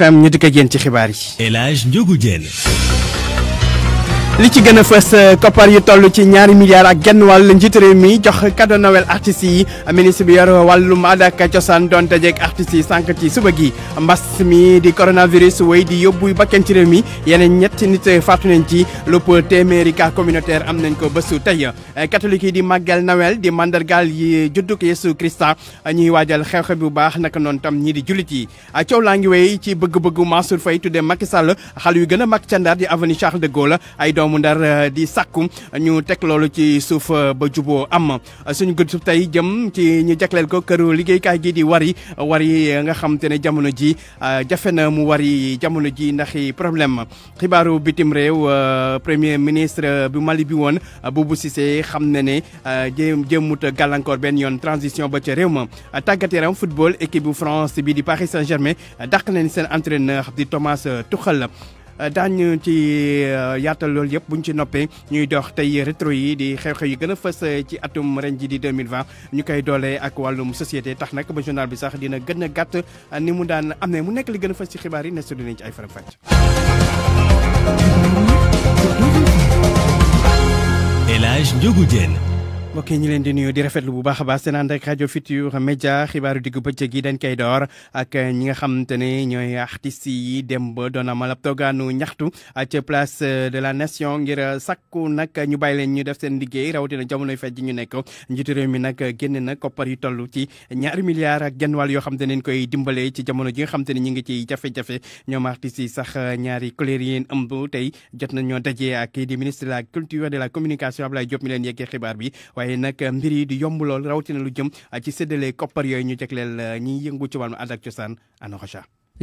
FM ñu dikk ak yéen ci xibaar yi. El Hadj Ndiogou li ci gën a fës euh, koppar yi toll ci ñaari milliards ak genn wàll njiit réew mi jox cadeau Noël artistes yi ministre bi yor wàllum aada ak cosaan doon dajeeg artistes yi sànq ci suba gi mbas mi di coronavirus wéy di yóbbu bakken ci réew mi yeneen ñetti nit faatu nañ ci lépp téeméeri cas communautaire am nañ ko bésu tey euh, catholique yi di màggal Noël di mandargaal yi judduk Yesu Christa ñuy waajal xew-xew bu baax naka noonu tam ñii di jullit yi euh, coow laa ngi wéy ci bëgg-bëggu Mansour Faye tuddee Sall xal yu gën a mag ca Ndar di avenue Charles de Gaulle ay doom mu ndar eh, di sàkku ñu teg ci suuf eh, ba jubo am a suñu gëstu tey jëm ci ñu jagleel ko këru liggéeykaay gi di wari wari nga xam te ne jamono ji eh, jafe na mu wari jamono ji ndax problème xibaaru bitim réew premier ministre bu Mali bi woon bu Boubou Cissé xam ne ne jéem mut gàllankoor benn yoon transition ba ca réew ma tàggat yaram football équipe bu France bi di Paris Saint-Germain dàq nañ seen entraîneur di Thomas Tuchel Euh, daañu ci euh, yaatal loolu bu buñ ci noppee ñuy dox tey rétro yi di xew-xew yi gën a fës euh, ci atum ren ji di 2020 ñu koy doolee ak wàllum société tax nag ba journal bi sax dina gën a gàtt ni mu daan am ne mu nekk li gën a fës ci xibaar yi ne su dinañ ci ay faram-fàcc El Hadj mbokk yi ñu leen di nuyoo di rafetlu bu baax a baax seen ànd ak rajo Futurs Médias xibaaru diggu bëccëg yi dañ koy door ak ñi nga xamante ne ñooy artistes yi dem ba doon amal ab toogaanu ñaxtu ca place de la nation ngir sakku nag ñu bàyyi leen ñu def seen liggéey rawatina jamonoy faj ji ñu nekk njiitu réew mi nag génne na koppar yu toll ci ñaari milliards ak genn wàll yoo xam te ne koy dimbale ci jamono ji nga xam ne ñu ngi ciy jafe-jafe ñoom artistes yi sax ñaari colère yi ëmb tey jot nañoo daje ak di ministre de la culture de la communication Abdoulaye Diop mi leen yeggee xibaar bi waaye nag mbir yi di yomb lool rawatina lu jëm a ah, ci séddale koppar yooyu ñu jagleel ah, ñiy yëngu ci wàllu aada ak cosaan ana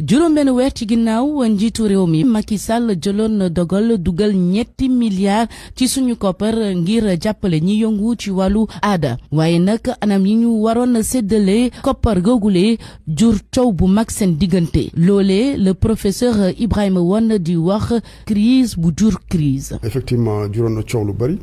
juróom benn weer ci ginnaaw njiitu réew mi Macky Sall jëloon dogal dugal ñetti milliards ci suñu koppar ngir jàppale ñi yëngu ci wàllu aada waaye nag anam yi ñu waroon a séddale koppar googule jur coow bu mag seen diggante loole le professeur Ibrahima Wane di wax crise bu jur crise effectivement juróon na coow lu bari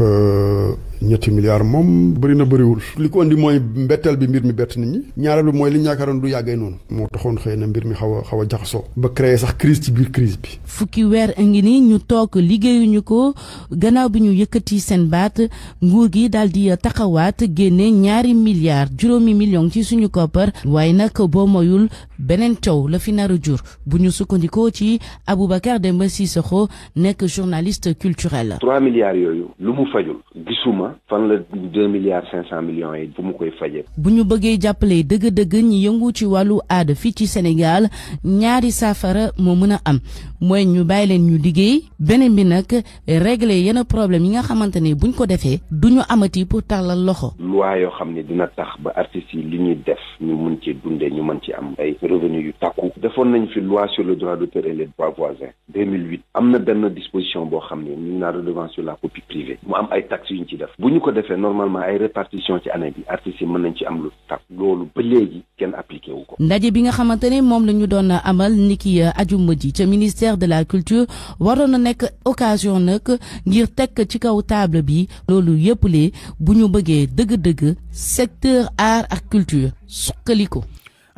euh, ñetti milliards moom bëri na bëriwul li ko andi mooy mbetteel bi mbir mi bett nit ñi ñaareelu mooy li ñu du yàggee noonu moo taxoon xëy na mbir mi xaw a xaw a jaxasoo ba créé sax crise ci biir crise bi fukki weer a ngi ni ñu toog liggéeyuñu ko gannaaw bi ñu yëkkati seen baat nguur gi daal di taxawaat génne ñaari milliards juróomi millions ci suñu koppar waaye nag boo moyul beneen coow la fi nar a jur bu ñu sukkandikoo ci Aboubacar Demba Cissokho nekk journaliste culturel 3 milliards yooyu lu mu fajul gisuma ma hein? fan la deux milliards 500 millions yi bu mu koy fajee. bu ñu bëggee jàppalee dëgg-dëgg ñi yëngu ci wàllu aada fii ci Sénégal ñaari saafara moo mën a am mooy ñu bàyyi leen ñu liggéey beneen bi nag régler yenn problème yi nga xamante ne buñ ko defee duñu amati pour tàllal loxo. loi yoo xam ne dina tax ba artistes yi li ñuy def ñu mun ci dundee ñu mën ci am ay revenu yu takku. defoon nañ fi loi sur le droit de et les droits voisins 2008 am na benn disposition boo xam ne ñu naan redevance sur la copie privée mu am ay taxes yu ñu ci def bu ñu ko defee normalement ay répartition ci année bi artistes yi mën nañ ci am lu tax loolu ba léegi kenn appliqué ko. ndaje bi nga xamante ne moom la ñu doon amal niki euh, ajuma ji ca ministère de la culture waroon na nekk occasion nag ngir tekk ci kaw table bi loolu yëpp le bu ñu bëggee dëgg-dëgg secteur art ak culture suqali ko.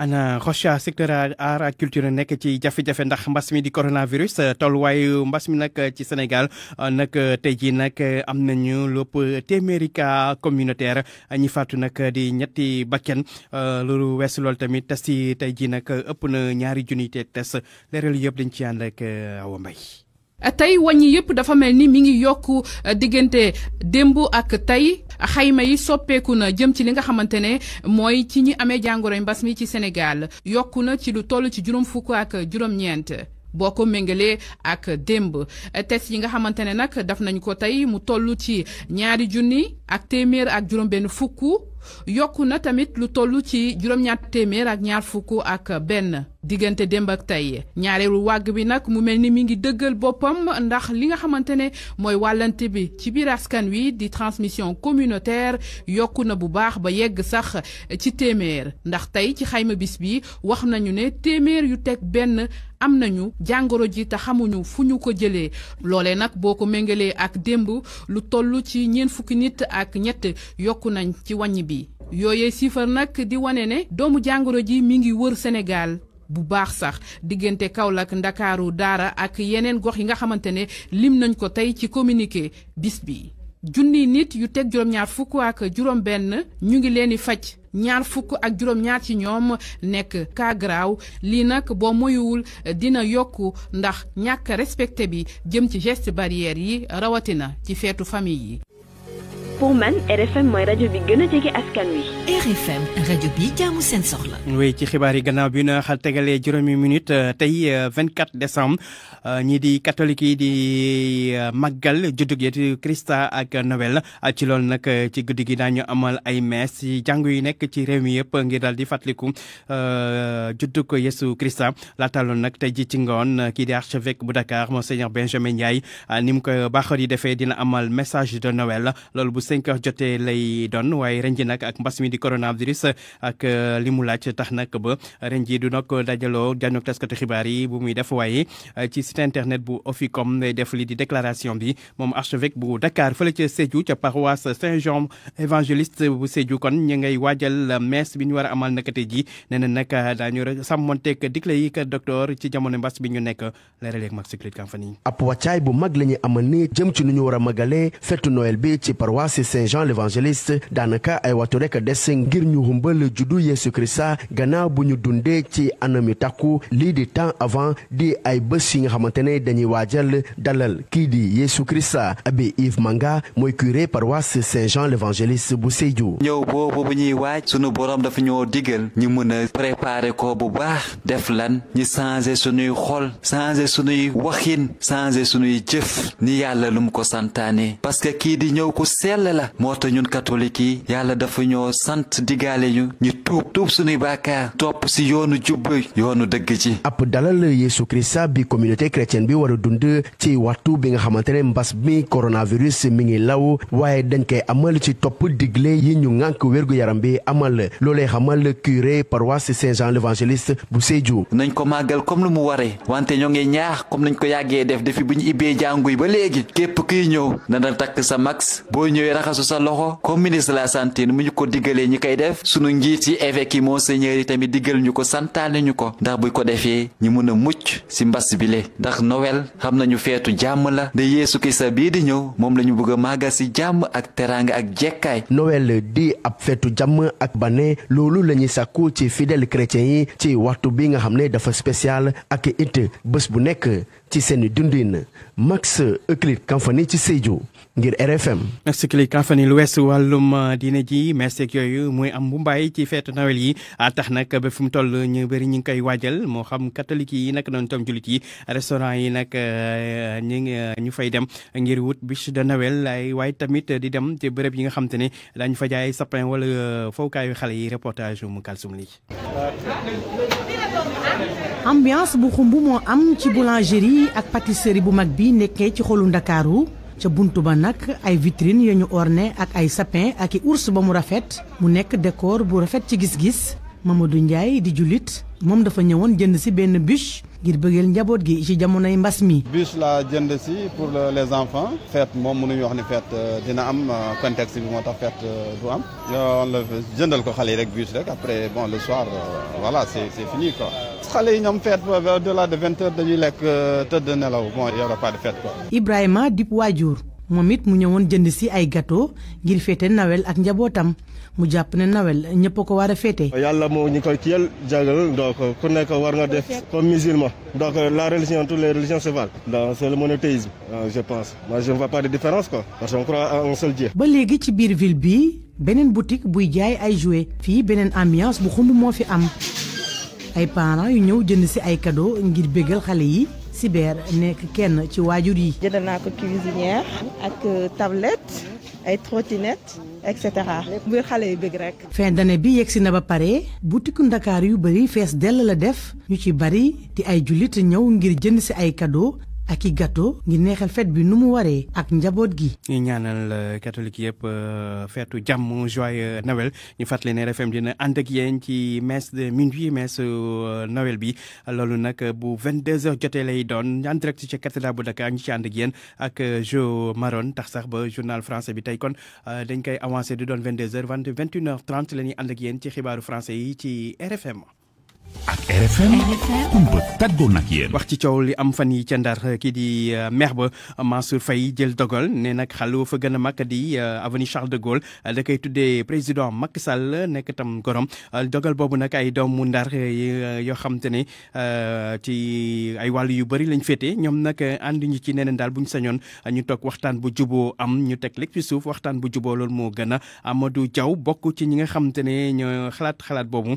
ana Rocha secteur art ak culture nekk ci jafe-jafe ndax mbas mi di coronavirus euh, tolluwaayu mbas mi nag euh, ci Sénégal euh, nag tey jii nag am nañu lépp téeméeri cas communautaire ñi faatu nag di ñetti bakken loolu weesu lool tamit test tey jii nag ëpp na ñaari junni te test leeral yëpp dañ ci ànd ak Awa Mbaye tey wàññi yëpp dafa mel ni mi ngi yokk diggante démb ak tey xayma yi soppeeku na jëm ci li nga xamante ne mooy ci ñi amee jàngoro mbas mi ci Sénégal yokku na ci lu toll ci juróom fukk ak juróom-ñeent boo ko méngalee ak démb tes yi nga xamante ne nag daf nañ ko tey mu toll ci ñaari junni ak téeméer ak juróom-benn fukk. yokku na tamit lu toll ci juróom téeméer ak ñaar fukk ak benn diggante démb ak tey ñaareelu wàgg bi nag mu mel ni mu ngi dëggal boppam ndax li nga xamante ne mooy wàllent bi ci biir askan wi di transmission communautaire yokku na bu baax ba yegg sax ci téeméer ndax tey ci xayma bis bi wax nañu ne téeméer yu teg benn am nañu jàngoro ji te xamuñu fu ñu ko jëlee loole nag boo ko méngalee ak démb lu toll ci ñeent fukki nit ak ñett yokk nañ ci wàññi yooyee chiffre nag di wane ne doomu jàngoro ji mi ngi wër Sénégal bu baax sax diggante Kaolack Ndakaaru Daara ak yeneen gox yi nga xamante ne lim nañ ko tey ci communiqué bis bi. junni nit yu teg juróom-ñaar fukk ak ñu ngi leen di faj ñaar fukk ak juróom-ñaar ci ñoom nekk cas lii nag boo moyuwul dina yokk ndax ñàkk respecté bi jëm ci geste barrière yi rawatina ci feetu famille yi. pour man RFM mooy rajo bi gëna jëgé askan wi. RFM radio bi jaamu seen soxla. oui ci xibaar yi gannaaw bi na xal tegalee juróomi minute euh, tay 24 euh, décembre euh, ñi di catholique yi di màggal jëdduk yetu Christa ak Noël ci lool nak ci guddi gi dañu amal ay messe yi jàngu yi nekk ci réew mi yëpp ngir daldi di fàttaliku juddug Yesu Christa la loolu nak tay ji ci ngoon ki di archevêque bu Dakar monseigneur Benjamin Ndiaye nim ko baaxoo di defee dina amal message de Noël loolu bu cinq heures jotee lay doon waaye ren ji nag ak mbas mi di coronavirus ak euh, li mu laaj tax nag ba ren ji du nag dajaloo janook taskatu xibaar yi bu muy def waaye euh, ci site internet bu Oficom lay def li di déclaration bi moom archevêque bu Dakar fële ca Sédhiou ca paroisse Saint-Jean évangéliste bu Sédhiou kon ñu ngay waajal messe bi ñu war a amal nakate ji nee na nag daañu rek sàmmonteeg digle yi ka docteur ci jamono mbas bi ñu nekk leeraleeg mag ci nu a magalee Saint Jean l'évangéliste Danaka ay waxtu rek des ngir ñu Krisa, juddu Yeesu Kirista gannaaw bu ñu dundee ci anam takku di temps avant di ay bëss yi nga dañuy dalal kidi di Yeesu abe abi Yves Manga mooy curé paroisse Saint Jean l'évangéliste bu Sédhiou. bo bo bu ñuy waaj sunu borom dafa ñoo digal ñu mëna préparer ko bu baax def lan ñi changer sunuy xol changer sunuy waxin changer sunuy jëf ni yalla lu ko parce que ki di ñew ko yàlla la moo tax ñun catholique yi yàlla dafa ñoo sant digaale ñu ñu tuub tuub suñuy baakaar topp si yoonu jub yoonu dëgg ci ab dalal Yeesu Krista bi communauté chrétienne bi war a dund ci waxtu bi nga xamante ne mbas mi coronavirus mi ngi law waaye dañ koy amal ci topp digle yi ñu ŋànk wér-gu-yaram bi amal loolee xamal curé paroisse Saint-Jean l'Évangéliste bu Sédhiou nañ ko màggal comme lu mu waree wante ñoo ngi ñaax comme nañ ko yàggee def defi bu ñu ibbee jàngu yi ba léegi képp kuy ñëw na takk sa max boo ñëwee raxasu sa loxo comme ministre de la santé mu ñu ko diggalee ñi koy def sunu njiit yi évêque yi monseigneur yi tamit diggal ñu ko santaane ñu ko ndax buñ ko defee ñu mën a mucc si mbas bile ndax nowel xam nañu feetu jàmm la de Yeesu Kirista bii di ñëw moom la ñu bëgg a màggal si jàmm ak teraanga ak jekkaay nowel di ab feetu jàmm ak bane loolu lañuy ñuy sàkku ci fidèle chrétien yi ci waxtu bi nga xam ne dafa spécial ak it bés bu nekk ci seen dundin Max Euclide Kamfani ci Sédhiou ngir RFM. Max Euclide Kamfani lu weesu wàllum dine ji meeseek yooyu muy am bu ci feetu nawel yi tax nag ba fi mu toll ñu bëri ñu ngi koy waajal moo xam catholique yi nag noonu tam jullit yi restaurant yi nag euh, ñu ngi euh, ñu fay dem ngir wut bûche de nawel ay waaye tamit di dem ci bërëb yi nga xam ni ne daañu fa jaay sapin wala euh, fowkaayu xale yi reportage mu kalsum lii ambiance bu xumb moo am ci boulangerie ak pâtisserie bu mag bi nekkee ci xolu ndakaaru ca bunt ba nag ay vitrine yu ñu orné ak ay sapin ak i ours ba mu rafet mu nekk décor bu rafet ci gis-gis Mamadou Ndiaye di jullit moom dafa ñëwoon jënd si benn bûche ngir bëggeel njaboot gi ci jamonoy mbas mi. bus la jënd si pour les enfants. fête moom mënuñu wax ni fête euh, dina am euh, contexte bi moo tax fête euh, du am. yoon la jëndal ko xale rek bus rek après bon le soir voilà c'est c'est fini quoi. xale yi ñoom fête ba au-delà de 20 heures dañuy lekk tëdd nelaw bon y aura pas de fête quoi. Ibrahima dip waajur moom it mu ñëwoon jënd si ay gâteau ngir féete nawel ak njabootam mu japp ne nawel ñepp ko war a féete. mo ñi ñu koy kiyal jagal donc ku nekk war nga def comme musulman donc la religion toutes les religions se valent. donc c'est le monothéisme euh, je pense moi je ne vois pas de différence quoi parce qu'on croit à un seul Dieu. ba légui ci bir ville bi benen boutique buy jaay ay jouets. fi benen ambiance bu xumbu mo fi am ay parents yu ñew jënd ci ay cadeaux ngir bégal xalé yi. cyber nekk kenn ci wajur yi. jënd naa ko cuisinière. ak tablette ay trottinette et cetera xale yi bëgg fin d'année bi yegsi na ba pare butiku Ndakaar yu bëri fees dell la def ñu ci bëri di ay jullit ñëw ngir jënd si ay cadeaux ak i gâteau ngir neexal fête bi nu mu waree ak njabot gi. ñu ñaanal euh, catholique yépp euh, feetu jàmm joyeux Noël ñu fatlé né RFM dina and ak yéen ci messe de minuit messe euh, Noël bi lolu nak bu 22h jotté lay doon en direct ci cathédrale bu Dakar ñu ci and ak yéen ak Jo Maron tax sax ba journal français bi tay kon dañ koy avancer du doon 22h 21h30 la and ak yéen ci xibaaru français yi ci RFM. ak RFM kumba tàggoon ak yéen wax ci coow li am fan yi ca ndar eh, kii di eh, meex ba eh, Mansour Faye jël dogal ne nag xalu fa gën a mag di avenue Charles de gol da koy tuddee président Macky Sall nekk tam gorom dogal boobu nag ay doom mu ndar yoo xam te ne ci ay wàllu yu bari lañ féete ñoom nag ànd ñu ci neneen daal buñ ñu sañoon ñu toog waxtaan bu jubo am ñu teg lépp ci suuf waxtaan bu juboo loolu moo gën a Amadou Diaw bokk ci ñi nga xam ne ñoo xalaat xalaat boobu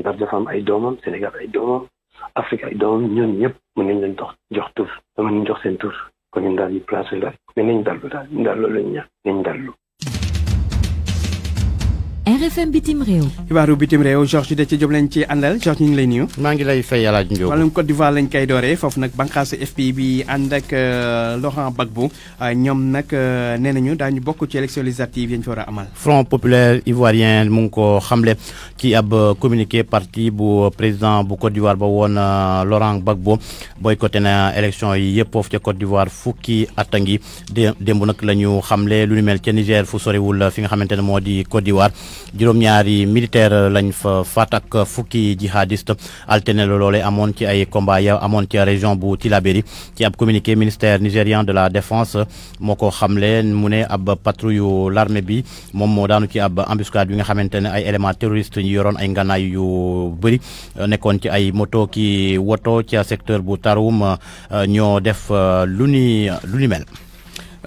Ndar dafa am ay doomam Sénégal ay doomam Afrique ay doomam ñoon ñëpp mën nañ leen dox jox tur mën nañ jox seen tur kon ñun daal ñu placé la mais nañ dallu daal ñun daal loolu lañ ñaan nañ RFM bitim réew. xibaaru bitim réew Georges Dete Diop lañ ci àndal Georges ñu ngi lay nuyu. maa ngi lay fay El Hadj Ndiogou. wàllum Côte d'Ivoire lañ koy dooree foofu nag bànqaasu FPI bi ànd ak euh, Laurent Gbagbo euh, ñoom nag euh, nee nañu daañu bokk ci élection législative yi ñu fa war a amal. Front populaire ivoirien mu ngi ko xamle ci ab communiqué parti bu président bu Côte d'Ivoire ba woon Laurent Gbagbo boycotté na élection yi yëpp foofu ca Côte d'Ivoire fukki at a ngi démb nag la ñu xamle lu ni mel ca Niger fu sorewul fi nga xamante ne moo di Côte d'Ivoire juróom militaire lañ fa fatak fukki jihadiste alterne la loolee amoon ci ay combat ya amoon ci région bu Tilabéri ci ab communiqué ministère nigérian de la défense moko xamlé muné ab patrouille l'armée bi mom mo daanu ci ab embuscade bi nga xamante ay éléments terroristes ñu yoron ay nganaay yu bari nekkoon ci ay moto ki woto ci secteur bu Taroum ño def luni luni mel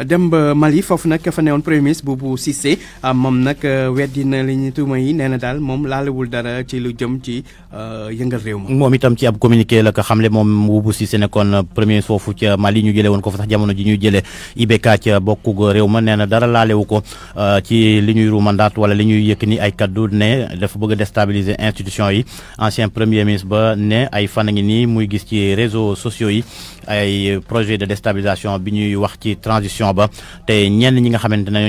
dem ba Mali foofu nag fa newoon premier ministre Boubou Cissé ah, moom nag euh, weddi na li ñu tuuma yi nee na daal moom laalewul dara ci lu jëm ci euh, yëngal réew ma. moom itam ci ab communiqué la ko xamle moom Boubou Cissé nekkoon euh, premier ministre foofu ca Mali ñu jëlee woon ko fa sax jamono ji ñu jëlee IBK ca bokku réew ma nee na dara laalewu ko ci li ñuy mandat wala li ñuy yëkk ni ay kaddu ne dafa bëgg a déstabiliser institution yi ancien premier ministre ba ne ay fan ngi nii muy gis ci réseaux sociaux yi ay projet de déstabilisation bi ñuy wax ci transition opération ba te ñenn ñi nga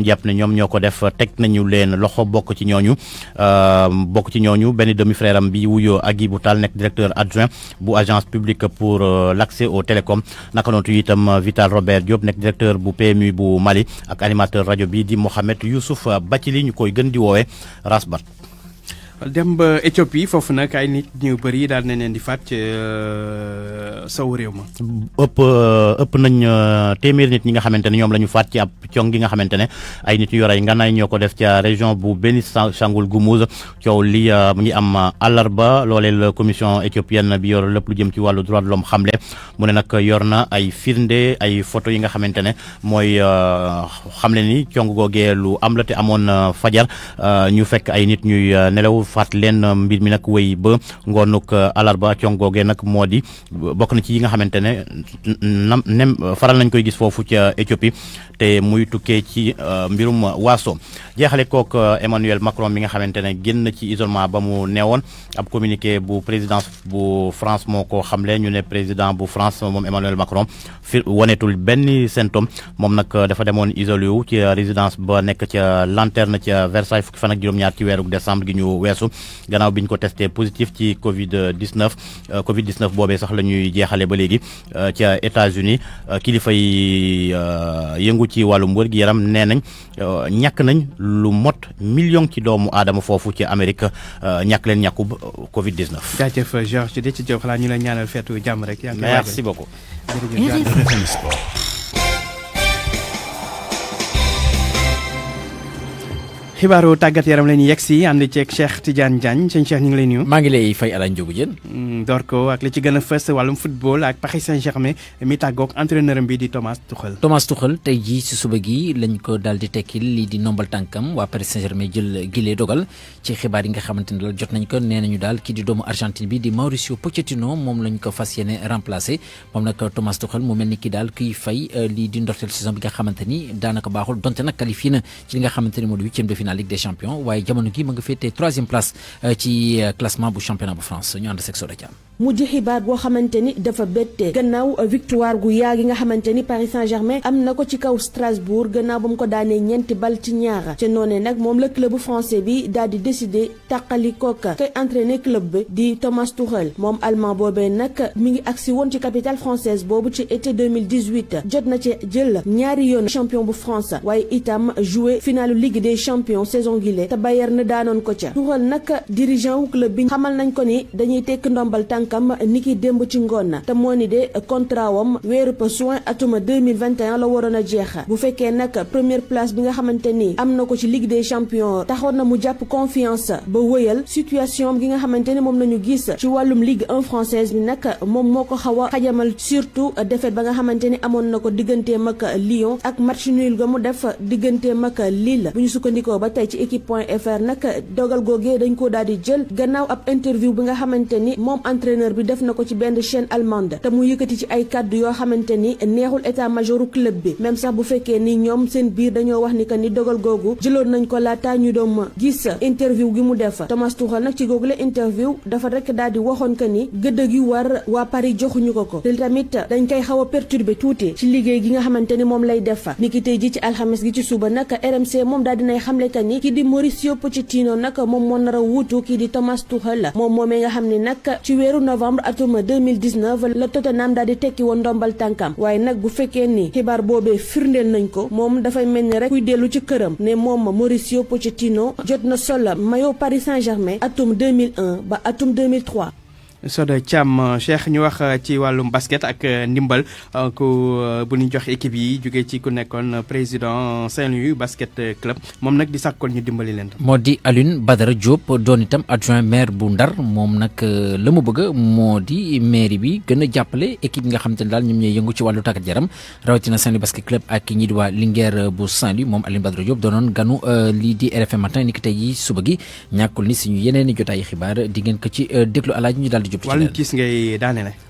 japp ne def nañu leen loxo ci euh, ci demi frère am bi agi, directeur adjoint bu agence publique pour euh, l'accès au Télécom, naka itam Vital Robert Diop nek directeur bu PMU bu Mali ak animateur radio bi di Mohamed Youssouf Batili ñukoy gën dem ba Éthiopie foofu nag ay nit ñu bëri daal nañ leen di faat ci euh, saw réew ëpp euh, ëpp nañ euh, téeméeri nit ñi nga xamante ne ñoom la ñu faat ci ab cong gi nga xamante ne ay nit ñu yor ay nganaay ñoo ko def ca région bu Béni Sangoul Goumouz coow li mu ngi am àllarba loolee la commission éthiopienne bi yor lépp lu jëm ci wàllu droit de l'homme xamle mu ne nag yor na ay firnde ay photo yi nga xamante ne mooy xamle ni cong googee lu am la te amoon fajar ñu fekk ay nit ñuy nelaw. fat leen euh, mbir mi nak wéy ba ngonuk alarba euh, congoogee nag nak modi euh, bokk na ci yi nga xamantene ne nam nem faral nañ koy gis fofu ci Éthiopie té muy tuké ci mbirum jéxalé Emmanuel Macron mi nga xamantene ne génn ci isolement ba mu néwon ab communiqué bu présidence bu France moko xamlé ñu né président bu France mom Emmanuel Macron fi wonetul sentom. symptôme mom nak dafa démon isolé ci résidence ba nek ci lanterne ci Versailles fukki fan ak juróom-ñaar ci wéru décembre gi ñu weesu gannaaw ko testé positif ci Covid 19 euh, Covid 19 bobé sax euh, États-Unis euh, kilifa yi yëngu ci million ci doomu ci Covid 19. merci beaucoup. xibaaru tàggat yaram la ñu yegg si ànd ceeg Cheikh Tidiane Diagne sëñ Cheikh ñu ngi maa ngi lay fay Alane Diop Dieng. Mm, door ko ak li ci gën a fës wàllum football ak Paris Saint-Germain mi tàggoog entraîneur bi di Thomas Tuchel. Thomas Tuchel tey jii si suba gi lañ ko daal di tekkil lii di nombal tànkam waa Paris Saint-Germain jël gilee dogal ci xibaar yi nga xamante euh, daanaka baaxul donte nag qualifié ci li nga xamante moo di huitième de finale La Ligue des champions ou jamono gi ma nga troisième place euh, ci euh, classement bu championnat de France ñu ànd seg Soda Thiam mu di xibaar boo dafa bette gannaaw victoire gu yaa gi nga xamanteni Paris Saint-Germain am na ko ci kaw Strasbourg gannaaw ba mu ko daanee ñeenti bal ci ñaar ci noné nak mom le club français bi dal di décider takali kok koy entraîner club bi di Thomas Tuchel mom allemand bobé nak mi ngi aksi won ci capitale française bobu ci été 2018 jot na ci jël ñaari yoon champion bu France waye itam jouer finale Ligue des champions saison guilé te Bayern daanon ko ca Tuchel nak dirigeant club bi xamal nañ ko ni dañuy tek ndombal tànk tànkam ni ki démb ci ngoon na te moo ni de contrat wam weeru pa juin atuma 2021 la waroon a jeexa bu fekkee nag première place bi nga xamante ni am na ko ci Ligue des champions taxoon na mu jàpp confiance ba wëyal situation gi nga xamante ni moom nañu gis ci wàllum Ligue 1 française bi nag moom moo ko xaw a xajamal surtout défaite ba nga xamante ni amoon na ko digganteem ak Lyon ak match nul ga mu def digganteem ak Lille bu ñu sukkandikoo ba tey ci équipe entraîneur bi def na ko ci benn chaîne allemande te mu yëkkati ci ay kàddu yoo xamante ni neexul état majoru club bi même sax bu fekkee ni ñoom seen biir dañoo wax ni que ni dogal googu jëloon nañ ko laata ñu doon ma gis interview gi mu def Thomas Tuchel nag ci googule interview dafa rek daal di waxoon que ni gëdd gi war waa Paris joxuñu ko ko te tamit dañ koy xaw a perturbé tuuti ci liggéey gi nga xamante ni moom lay def niki tey ji ci alxames gi ci suba nag RMC moom daal dinay xamle di Mauricio Pochettino nag moom moo nar a wuutu novembre atum 2019 la Tottenham daal di tekki woon ndombal tànkam waaye nag bu fekkee ni xibaar boobee firndeel nañ ko moom dafay mel ni rek kuy dellu ci këram ne moom ma Mauricio Pochettino jot na sol mayo Paris Saint-Germain atum 2001 ba atum 2003. Soda Thiam euh, Cheikh ñu wax euh, ci wàllum basket ak euh, ndimbal ku bu ñu jox équipe yi jógee ci ku nekkoon président Saint-Louis basket club moom nag di sàkkoon ñu dimbali leen. moo di Alioune Badara Diop doon itam adjoint maire bu Ndar moom nag la mu bëgg moo di maire bi gën a équipe nga xam te ne daal ñoom yëngu ci wàllu tàggat yaram rawatina Saint-Louis basket club ak ñi di waa Linguère bu Saint-Louis moom Alioune Badara Diop doonoon ganu li di RFM matin ni ki tey jii suba gi ñàkkul ni suñu yeneen i jotaayu xibaar di ngeen ko ci déglu alaaji ñu daal di jublu ci wàllum kiis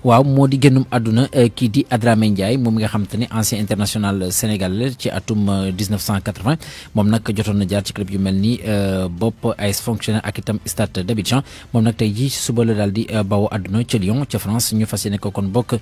waaw moo di génnum àdduna eh, kii di Adramé Ndiaye moom mi nga xam te ne ancien international sénégalais ci atum 1980 eh, moom nag jotoon na jaar ci club yu mel ni eh, bopp AS fonctionnaire ak itam Stade d'Abidjan moom nag tey jii suba la daal di bawoo àdduna ca Lyon ca France ñu fas yéene ko kon bokk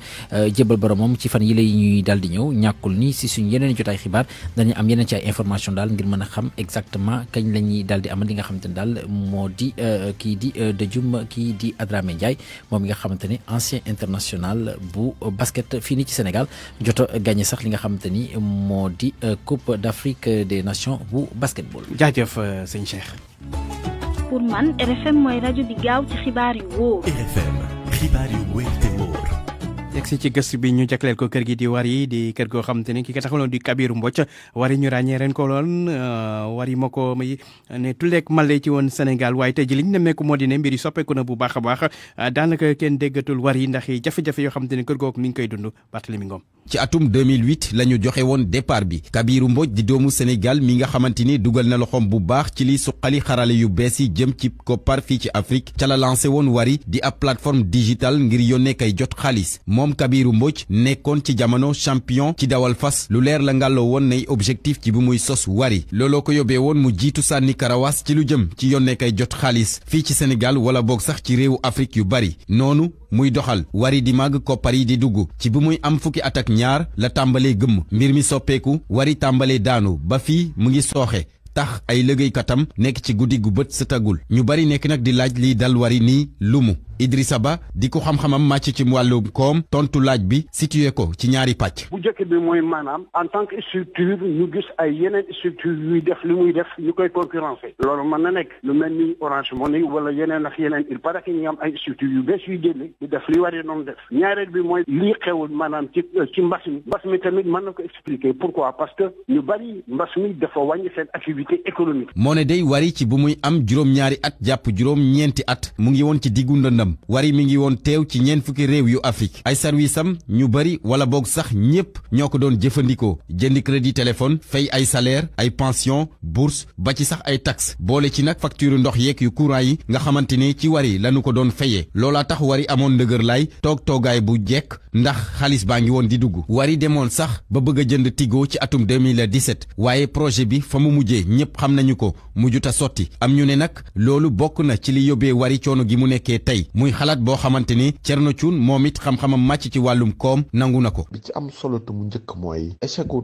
jébal boromam ci fan yi la ñuy daal di ñëw ñàkkul ni si suñu yeneen jotaay xibaar dañu am yeneen ci information daal ngir mën a xam exactement kañ la ñuy daal di amal li nga xam ne daal moo di kii di dëjum kii di Adramé Ndiaye mom nga xamanteni ancien international bu basket fini ci Sénégal jot gagné sax li nga xamanteni modi euh, Coupe d'Afrique des Nations bu basketball. jaajëf euh, sëñ Cheikh. pour man RFM moy radio di gaaw ci xibaar yu wóor. RFM xibaar yu wóor te yegsi ci gëstu bi ñu jagleel ko kër gi di Wari di kër goo xam te ne ki ko taxaloon di Kabiru Mbodj Wari ñu ràññee ren ko loon euh, Wari ma ko may ne tulleeg male ci woon Sénégal waaye te ji li ñu nemmeeku moo di ne mbir yi soppeeku na bu baax a baax euh, daanaka kenn war Wari ndax jafe-jafe yoo xam te ne kër googu mi ngi koy dund Barthélémy Ngom ci atum 2008 la ñu joxe woon départ bi Kabiru Mbodj di doomu Sénégal mi nga xamante ni dugal na loxoom bu baax ci li suqali xarale yu bees yi jëm ci koppar fii ci Afrique ca la lancé woon Wari di ab plateforme digitale ngir yónnee kay jot xaalis moom Kabiru Mbodj nekkoon ci jamono champion ci dawal fas lu leer la ngàlloo woon nay objectif ci bi muy sos wari looloo ko yóbbee woon mu jiitu sànni karawaas ci lu jëm ci yónnee kay jot xaalis fii ci Sénégal wala boog sax ci réewu Afrique yu bari noonu muy doxal wari di màgg koppar yi di dugg ci bi muy am fukki at ak ñaar la tàmbalee gëmm mbir mi soppeeku wari tàmbalee daanu ba fii mu ngi sooxe tax ay katam nek ci guddi gu bët setagul ñu bari nek nak di laaj li dal wari nii lumu Idrissa Ba di ko xam-xamam màcc ci wàllum kom tontu laaj bi situé ko ci ñaari patch bu njëkk bi moy manam en tant que structure ñu gis ay yeneen structure yu def li muy def ñu koy concurrencer. loolu mën na nek lu melni Orange Money wala yeneen ak yeneen il para que ñam ay structure yu bees yuy génne di def li war non doon def. ñaareel bi moy li xewul manam ci euh, ci mbas mi mbas mi tamit man nako expliquer pourquoi parce que ñu bari mbas mi dafa wàññi seen activité. activité économique day wari ci bu muy am juróom-ñaari at jàpp juróom-ñeenti at mu ngi woon ci wari mi ngi woon teew ci ñeent fukki réew yu Afrique ay ñu bari wala boog sax ñépp ñoo ko doon jëfandikoo jëndi crédit téléphone fay ay salaire ay pension bourse ba ci sax ay taxe boole ci nag facture ndox yu courant yi nga ci wari lanu ko doon fayee loolaa tax wari amon ndëgër laay toog toogaay bu jekk ndax xaalis baa ngi woon di dugg wari demoon sax ba bëgg a jënd tigo ci atum 2017 waaye projet bi fa ñëpp xam nañu ko mu jut a sotti am ñu ne nag loolu bokk na ci li yóbbee wari coono gi mu nekkee tey muy xalaat boo xamante ni na Thioune moom it xam-xamam màcc ci wàllum koom nangu na ko. bi ci am solo te mu njëkk mooy échec u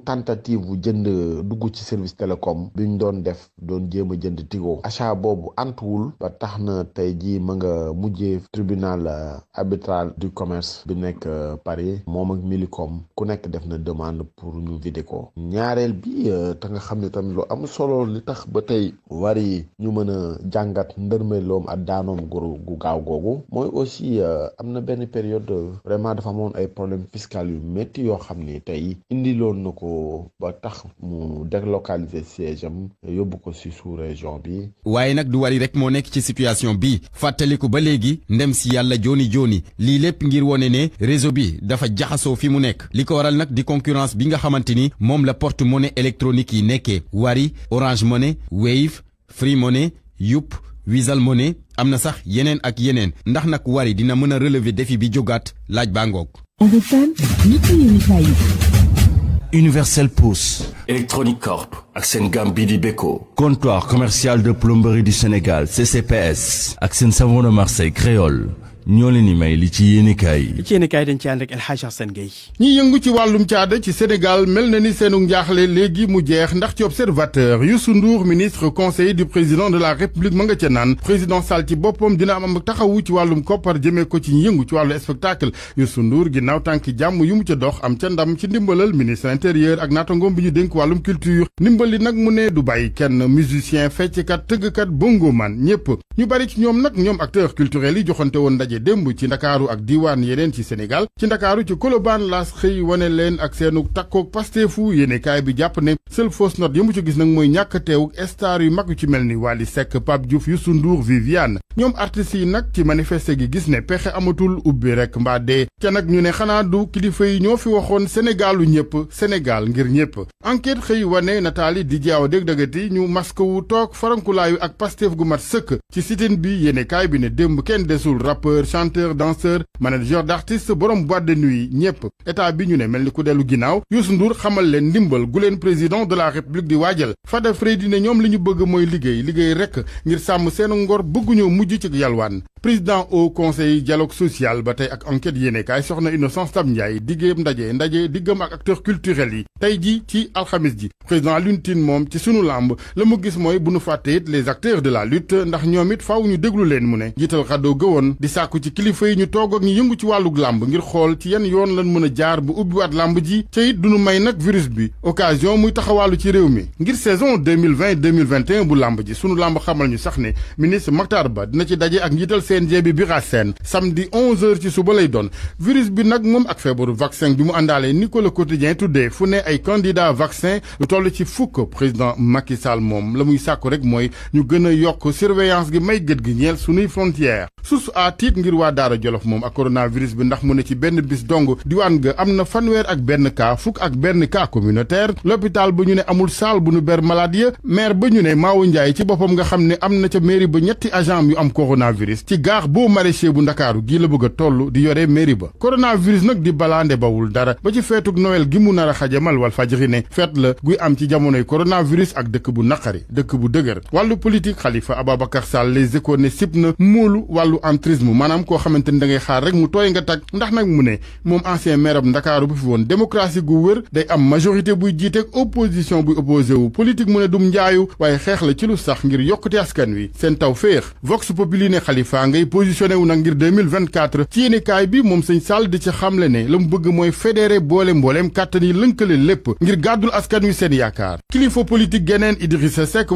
bu jënd dugg ci service télécom bi ñu doon def doon jéem a jënd Tigo achat boobu antuwul ba tax na tey jii ma nga mujjee tribunal euh, arbitral du commerce bi nekk euh, Paris moom ak Milicom ku nekk def na demande pour ñu vidé ko ñaareel bi euh, te nga xam loolu li tax ba tey war yi ñu mën a jàngat ndërmeloom ak daanoom gu gu gaaw googu mooy aussi euh, am na benn période vraiment dafa amoon ay problème fiscal yu métti yoo xam ni tey indiloon na ko ba tax mu délocaliser siège am yóbbu ko si sous région bi. waaye nag du wari rek moo nekk ci situation bi fàttaliku ba léegi ndem si yàlla jooni jooni lii lépp ngir wone ne réseau bi dafa jaxasoo fi mu nekk li ko waral nag di concurrence bi nga xamante ni moom la porte monnaie électronique yi nekkee wari orange Orange Money Wave Free Money Youp visal Money amna yenen sax yenen ak yenen ndax nag Wari dina mën relever défi bi jógaat laaj bangok Universel Pousse. Electronic Corp Axen gambidi Beko. comptoir commercial de plomberie du Sénégal CCPS Axen savon de Marseille créole ñoo leen di may li ci yéenekaay yi. ci ci yéenekaay dañ ci ànd ak El Hadj Assane Gueye. ñi yëngu ci wàllum caada ci Sénégal mel na ni seenu njaaxle léegi mu jeex ndax ci observateur Youssou Ndour ministre conseiller du président de la République ma nga ca naan président Sall ci boppam dina am taxawu ci wàllum koppar jëmee ko ci ñi yëngu ci wàllu spectacle Youssou Ndour ginnaaw tànki jàmm yu mu ca dox am ca ndam ci ndimbalal ministre intérieur ak naatangoom bi ñu dénk wàllum culture ndimbali nag mu ne du bàyyi kenn musicien fecckat tëggkat bongo man ñëpp ñu bari ci ñoom nag ñoom acteurs culturels yi joxante woon ndaje daje démb ci ndakaaru ak diiwaan yeneen ci Sénégal ci ndakaaru ci Colobane laas xëy wane leen ak seenu takkook pasteefu yéenekaay bi jàpp ne seul fausse note yi mu ci gis nag mooy ñàkk teewuk star yu mag yu ci mel ni Wally Seck Pape Diouf Youssou Ndour Viviane ñoom artistes yi nag ci manifeste gi gis ne pexe amatul ubbi rek mbaa dee ca nag ñu ne xanaa du kilifa yi ñoo fi waxoon Sénégalu ñëpp Sénégal ngir ñëpp enquête xëy wane nataali di jaaw dég dëgati ñu masque wu toog farankulaayu ak Pastef gu mat sëkk bi yéenekaay bi ne Chanteur, danseur, manager d'artistes borom boîte de nuit ñëpp état bi ñu né melni ku dellu ginnaaw Youssou Ndour xamal leen ndimbal gu leen président de la république di wadjal. Fada Freddy né ñom liñu bëgg moy liggéey liggéey rek ngir sàmm seen ngor ñu mujj ci yalwaan président au conseil dialogue social batay ak enquête yene kay soxna Innocence Tam digue diggéem ndaje ndaje acteur ak acteurs culturels yi Tay ji ci Alhamis ji président Luntine mom ci sunu le le mu gis moy bu nu les acteurs de la lutte ndax ñom it faaw ñu déglu leen mu né. jiital xado di sàkku ci kilifa yi ñu toog ak ñu yëngu ci walu lamb ngir xool ci yan yoon lan mëna jaar bu ubbiwaat lamb ji te it duñu may nak virus bi occasion muy taxawaalu ci réew mi ngir saison 2020 2021 bu lamb ji sunu lamb xamal ñu sax ne ministre Makhtar Ba dina ci daje ak njiital CNG bi bi Sène samedi 11h ci suba lay doon virus bi nak mom ak feebaru vaccin bi mu àndaale ni Quotidien tuddee fu ne ay candidat vaccin lu toll ci fuk président Macky Sall mom lamuy muy sàkku rek moy ñu gëna yok surveillance gi may gëd gi ñël suñu frontière source a tiit ngir wa Daara Jolof mom ak coronavirus bi ndax mu ne ci benn bis dong diwan nga amna fanwer ak benn cas fuk ak benn cas communautaire l'hôpital ba ñu ne amul saal bu nu ber malade ya maire ba ñu ne mawu Njaay ci bopam nga xamne amna ci mairie ba ñetti agent yu am coronavirus ci gaax bu maraîcher bu dakar gi la bëgg tollu di yoré mairie ba coronavirus nak di balandé bawul dara ba ci fétuk Noël gi mu nara a xajamal wal fajri ne la guy am ci jamonoy coronavirus ak dëkk bu nakari dëkk bu dëgër walu politique khalifa ababakar Sall les écones ne sipna moolu walu entrisme maanaam koo xamante ni da ngay xaar rek mu tooy nga tag ndax nag mu ne moom ancien maire Ndakaaru bu fi woon démocratie gu wër day am majorité buy jiiteeg opposition buy opposé wu mu ne dum njaayu waaye xeex la ci lu sax ngir yokkute askan wi seen taw féex Vox Populi ne Khalifa ngay positionné wu nag ngir 2024 ci yéenekaay bi moom sëñ Sall di ci xamle ne la mu bëgg mooy fédéré boole mbooleem kàttan yi lënkale lépp ngir gàddul askan wi seen yaakaar kilifa politique geneen Idrissa Seck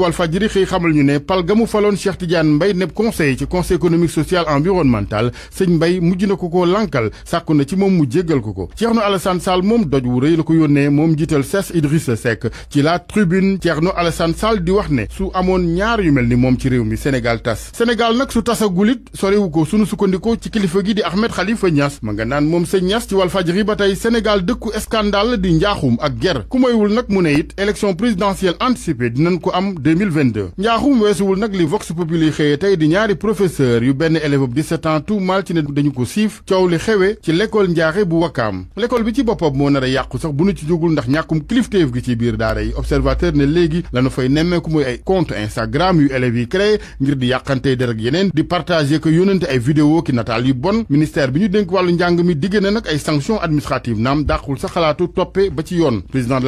environnementale sëñ Mbay mujj na ko koo lankal sàkku na ci moom mu jéggal ko ko Thierno Alassane Sall moom doj wu rëy la ko yónnee moom njiital CES Idrissa Seck ci la tribune Thierno Alassane di wax ne su amoon ñaar yu mel ni moom ci réew mi Sénégal tas Sénégal nag su tasagulit sorewu ko sunu sukkandikoo ci kilifa gi di Ahmed Khalifa Niass ma nga naan moom sëñ Niass ci Walfadjri ba tey Sénégal dëkku scandale di njaaxum ak ger ku moywul nag mu ne it élection présidentielle anticipée dinañ ko am 2022 njaaxum weesuwul nag li Vox Populi xëye tey di ñaari professeur yu benn élève bu 17 ans an tuumaal ci ne dañu ko siif coow li xewe ci l'école njaaxe bu wakkaam l'école bi ci boppam moo nar a yàqu sax bu nu ci jógul ndax ñàkkum kilifteef gi ci biir daara yi observateur ne léegi lanu fay nemmeeku mooy ay compte Instagram yu élèves yi créé ngir di yàqantey der ak yeneen di partager ko yónnante ay vidéo ki nataal yu bon ministère bi ñu dénk wàllu njàng mi digg na nag ay sanctions administratives naam dàqul sa xalaatu toppe ba ci yoon président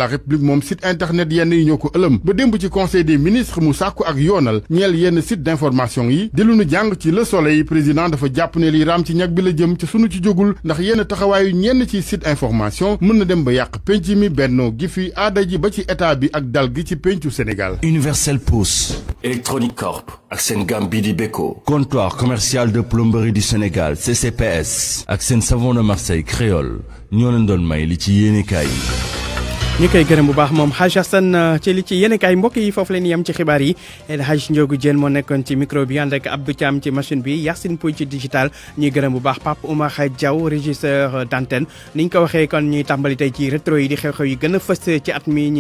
jàpp ne ram raam ci ñak bi la jëm ci suñu ci jogul ndax yenn taxawayu ñenn ci site information mën na dem ba mi bennoo gifi aada ji ba ci état bi ak dal gi ci pencu Sénégal. Universel Pousse. Electronic Corp ak seen di Beko. comptoir commercial de plomberie du Sénégal CCPS. ak savon de Marseille créole ñoo leen doon may li ci yi. ñu koy gërëm bu baax moom Hadj Assane uh, ci li ci yéen kay mbokk yi foofu leen yem ci xibaar yi El Hadj Ndiogu moo nekkoon ci micro bi ànd ak Abdou ci machine bi Yacine Pouy ci digital ñuy gërëm bu baax Pape Oumar Diaw régisseur d'antenne ni ñu ko waxee kon ñuy tàmbali tey ci rétro yi di xew-xew yi gën a fës ci at